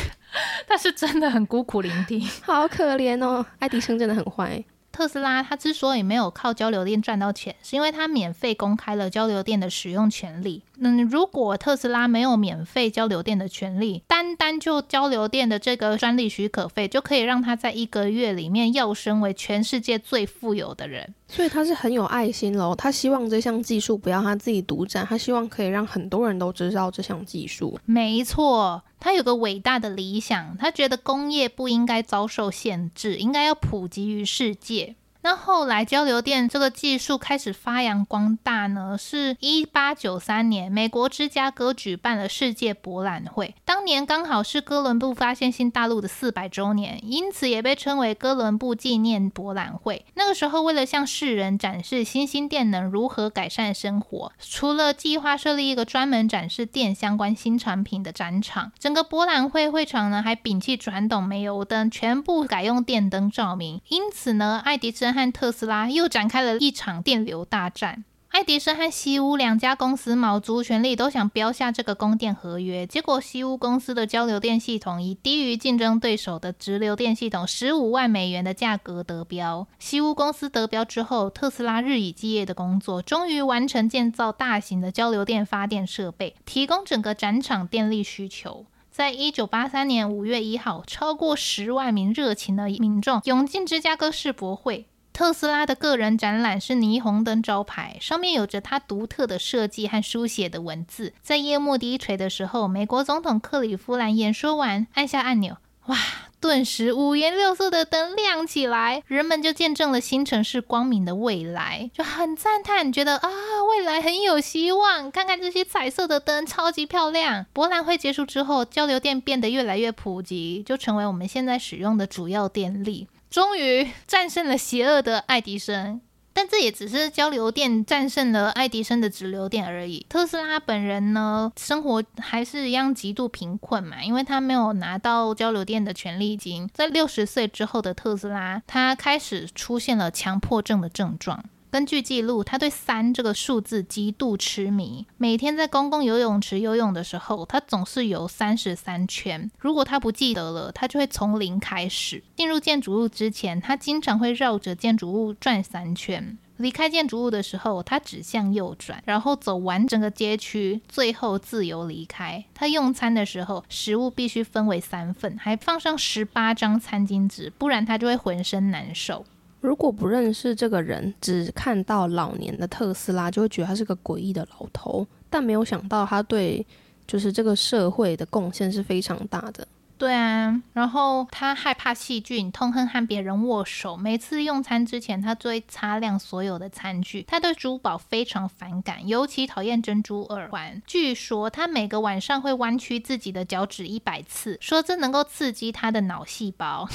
但是真的很孤苦伶仃， *laughs* 好可憐哦。愛迪生真的很壞。特斯拉它之所以沒有靠交流電賺到錢，是因為它免費公開了交流電的使用權利。嗯，如果特斯拉沒有免費交流電的權利，單單就交流電的這個專利許可費，就可以讓他在一個月裡面躍升為全世界最富有的人。所以他是很有愛心嘍，他希望這項技術不要他自己獨占，他希望可以讓很多人都知道這項技術。沒錯，他有個偉大的理想，他覺得工業不應該遭受限制，應該要普及於世界。那後來交流電這個技術開始發揚光大呢，是一八九三年美國芝加哥舉辦了世界博覽會，當年剛好是哥倫布發現新大陸的四百周年，因此也被稱為哥倫布紀念博覽會。那個時候，為了向世人展示新興電能如何改善生活，除了計劃設立一個專門展示電相關新產品的展場，整個博覽會會場呢，還摒棄傳統煤油燈，全部改用電燈照明。因此呢，愛迪生。和特斯拉又展開了一場電流大戰。愛迪生和西屋兩家公司卯足全力，都想標下這個供電合約。結果，西屋公司的交流電系統以低於競爭對手的直流電系統十五萬美元的價格得標。西屋公司得標之後，特斯拉日以繼夜的工作，終於完成建造大型的交流電發電設備，提供整個展場電力需求。在一九八三年五月一號，超過十萬名熱情的民眾湧進芝加哥世博會。特斯拉的個人展覽是霓虹燈招牌，上面有着它獨特的設計和書寫的文字。在夜幕低垂的時候，美國總統克里夫蘭演說完，按下按鈕，哇，頓時五顏六色的燈亮起來，人們就見證了新城市光明的未來，就很讚嘆，覺得啊，未來很有希望。看看這些彩色的燈，超級漂亮。博覽會結束之後，交流電變得越來越普及，就成為我們現在使用的主要電力。終於戰勝了邪惡的愛迪生，但這也只是交流電戰勝了愛迪生的直流電而已。特斯拉本人呢，生活還是一樣極度貧困嘛，因為他沒有拿到交流電的權利金。在六十歲之後的特斯拉，他開始出現了強迫症的症狀。根據記錄，他對三這個數字極度癡迷。每天在公共游泳池游泳的時候，他總是游三十三圈。如果他不記得了，他就會從零開始。進入建築物之前，他經常會繞着建築物轉三圈。離開建築物的時候，他只向右轉，然後走完整個街區，最後自由離開。他用餐的時候，食物必須分為三份，還放上十八張餐巾紙，不然他就會渾身難受。如果不認識這個人，只看到老年的特斯拉，就會覺得他是個詭異的老頭。但沒有想到，他對就是這個社會的貢獻是非常大的。對啊，然後他害怕細菌，痛恨和別人握手。每次用餐之前，他都會擦亮所有的餐具。他對珠寶非常反感，尤其討厭珍珠耳環。據說他每個晚上會彎曲自己的腳趾一百次，說這能夠刺激他的腦細胞。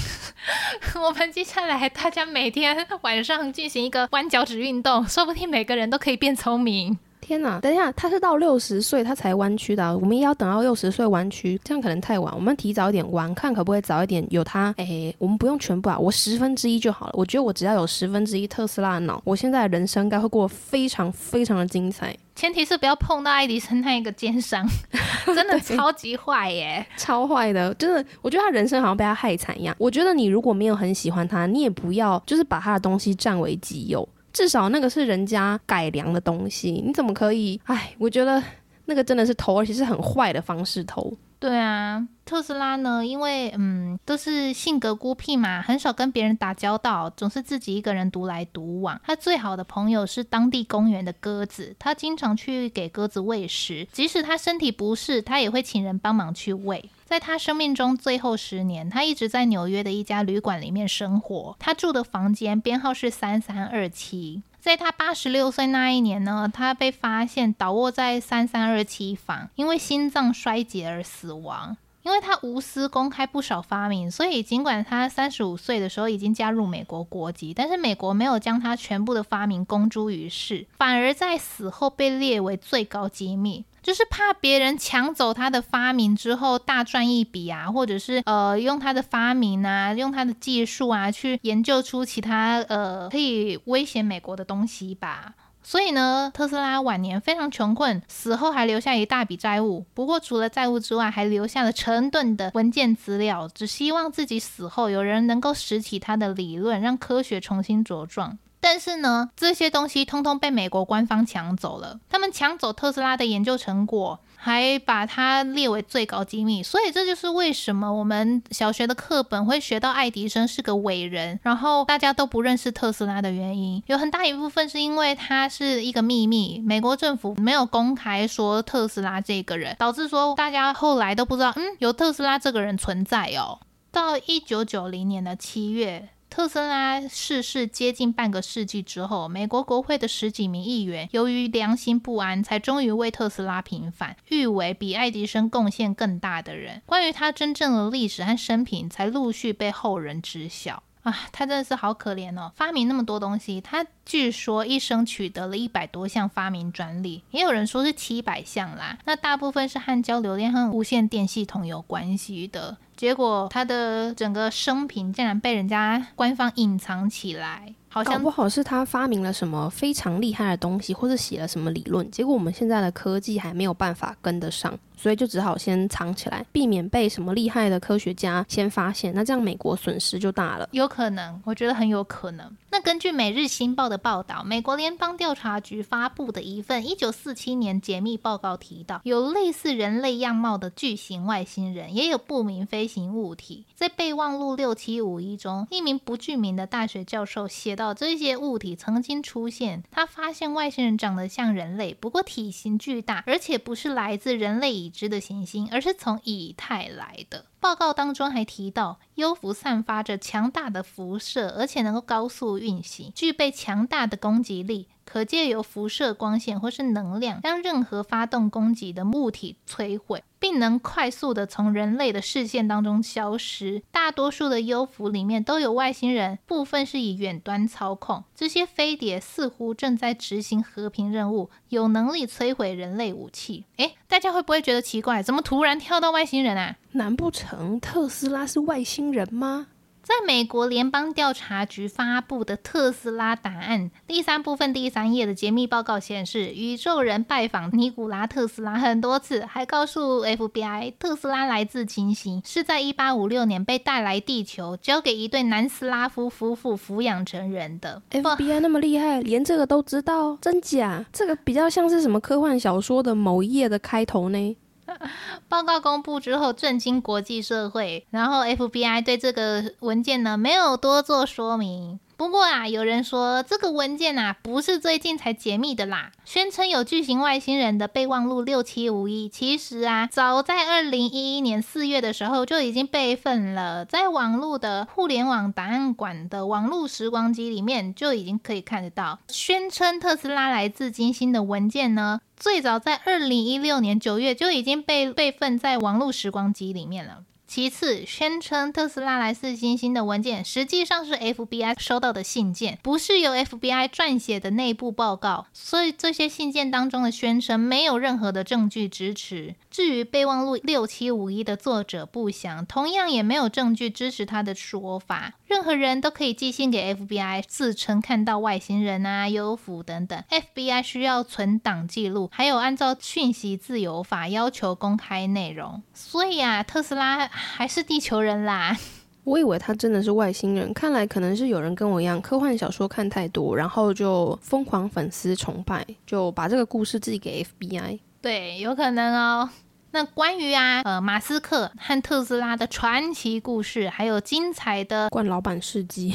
*laughs* 我們接下來大家每天晚上進行一個彎腳趾運動，說不定每個人都可以變聰明。天吶，等一下，他是到六十歲他才彎曲的、啊，我們也要等到六十歲彎曲，這樣可能太晚。我們提早一點彎，看可不可以早一點有他。哎、欸，我們不用全部啊，我十分之一就好了。我覺得我只要有十分之一特斯拉的腦，我現在的人生該會過得非常非常的精彩。前提是不要碰到愛迪生那個奸商， *laughs* 真的超級壞耶、欸 *laughs* ，超壞的，真的。我覺得他人生好像被他害慘一樣。我覺得你如果沒有很喜歡他，你也不要就是把他的東西佔為己有。至少那個是人家改良的東西，你怎麼可以？哎，我覺得那個真的是偷，而且是很壞的方式偷。對啊，特斯拉呢，因為嗯，都是性格孤僻嘛，很少跟別人打交道，總是自己一個人獨來獨往。他最好的朋友是當地公園的鴿子，他經常去給鴿子餵食，即使他身體不適，他也會請人幫忙去餵。在他生命中最後十年，他一直在紐約的一家旅館裡面生活。他住的房間編號是三三二七。在他八十六歲那一年呢，他被發現倒臥在三三二七房，因為心臟衰竭而死亡。因為他無私公開不少發明，所以儘管他三十五歲的時候已經加入美國國籍，但是美國沒有將他全部的發明公諸於世，反而在死後被列為最高機密。就是怕別人搶走他的發明之後大賺一筆啊，或者是呃用他的發明啊，用他的技術啊，去研究出其他呃可以威脅美國的東西吧。所以呢，特斯拉晚年非常窮困，死後還留下一大筆債務。不過除了債務之外，還留下了成噸的文件資料，只希望自己死後有人能夠拾起他的理論，讓科學重新茁壯。但是呢，這些東西通通被美國官方搶走了。他們搶走特斯拉的研究成果，還把它列為最高機密。所以這就是為什麼我們小學的課本會學到愛迪生是個偉人，然後大家都不認識特斯拉的原因。有很大一部分是因為他是一個秘密，美國政府沒有公開說特斯拉這個人，導致說大家後來都不知道，嗯，有特斯拉這個人存在哦。到一九九零年的七月。特斯拉逝世接近半個世紀之後，美國國會的十幾名議員由於良心不安，才終於為特斯拉平反，譽為比愛迪生貢獻更大的人。關於他真正的歷史和生平，才陸續被後人知曉。啊，他真的是好可憐哦！發明那麼多東西，他據說一生取得了一百多項發明專利，也有人說是七百項啦。那大部分是和交流電、和無線電系統有關係的。結果他的整個生平竟然被人家官方隱藏起來，好像搞不好是他發明了什麼非常厲害的東西，或是寫了什麼理論，結果我們現在的科技還沒有辦法跟得上。所以就只好先藏起來，避免被什麼厲害的科學家先發現。那這樣美國損失就大了，有可能，我覺得很有可能。那根據《每日新報》的報道，美國聯邦調查局發佈的一份1947年解密報告提到，有類似人類樣貌的巨型外星人，也有不明飛行物體。在備忘錄6751中，一名不具名的大學教授寫到，這些物體曾經出現。他發現外星人長得像人類，不過體型巨大，而且不是來自人類知的行星，而是從以太來的。報告當中還提到，幽浮散發着強大的輻射，而且能夠高速運行，具備強大的攻擊力，可借由輻射光線或是能量，讓任何發動攻擊的物體摧毀，並能快速地從人類的視線當中消失。大多數的幽浮裡面都有外星人，部分是以遠端操控。這些飛碟似乎正在執行和平任務，有能力摧毀人類武器。誒，大家會不會覺得奇怪？怎麼突然跳到外星人啊？難不成特斯拉是外星人嗎？在美國聯邦調查局發布的特斯拉檔案第三部分第三頁的解密報告顯示，宇宙人拜訪尼古拉特斯拉很多次，還告訴 FBI，特斯拉來自金星，是在一八五六年被帶來地球，交給一對南斯拉夫夫婦撫養成人的。FBI 那麼厲害，連這個都知道，真假？這個比較像是什麼科幻小說的某一頁的開頭呢？ *laughs* 報告公布之後震驚國際社會，然後 FBI 對這個文件呢，沒有多做說明。不過啊，有人說這個文件吶、啊、不是最近才解密的啦。宣稱有巨型外星人的備忘錄六七五一，其實啊，早在二零一一年四月的時候就已經備份了，在網絡的互聯網檔案館的網絡時光機裡面就已經可以看得到。宣稱特斯拉來自金星的文件呢，最早在二零一六年九月就已經被備份在網絡時光機裡面了。其次，宣稱特斯拉來自星星的文件實際上是 FBI 收到的信件，不是由 FBI 撰寫的內部報告，所以這些信件當中的宣稱沒有任何的證據支持。至於備忘錄六七五一的作者不詳，同樣也沒有證據支持他的說法。任何人都可以寄信給 FBI，自稱看到外星人啊、幽浮等等，FBI 需要存檔記錄，還有按照訊息自由法要求公開內容。所以啊，特斯拉。還是地球人啦，我以為他真的是外星人，看來可能是有人跟我一樣，科幻小說看太多，然後就瘋狂粉絲崇拜，就把這個故事寄給 FBI。對，有可能哦。那關於啊，呃，馬斯克和特斯拉的傳奇故事，還有精彩的慣老闆事蹟，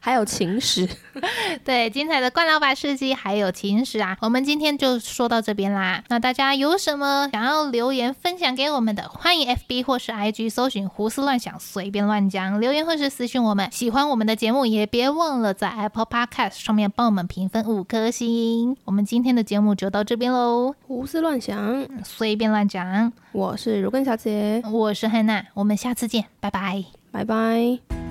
還有情史， *laughs* 對，精彩的慣老闆事蹟還有情史啊，我們今天就說到這邊啦。那大家有什麼想要留言分享給我們的，歡迎 F B 或是 I G 搜尋“胡思亂想，隨便亂講”，留言或是私訊我們。喜歡我們的節目，也別忘了在 Apple Podcast 上面幫我們評分五顆星。我們今天的節目就到這邊嘍，胡思亂想，隨便亂講。我是如根小姐，我是海娜，我們下次見，拜拜，拜拜。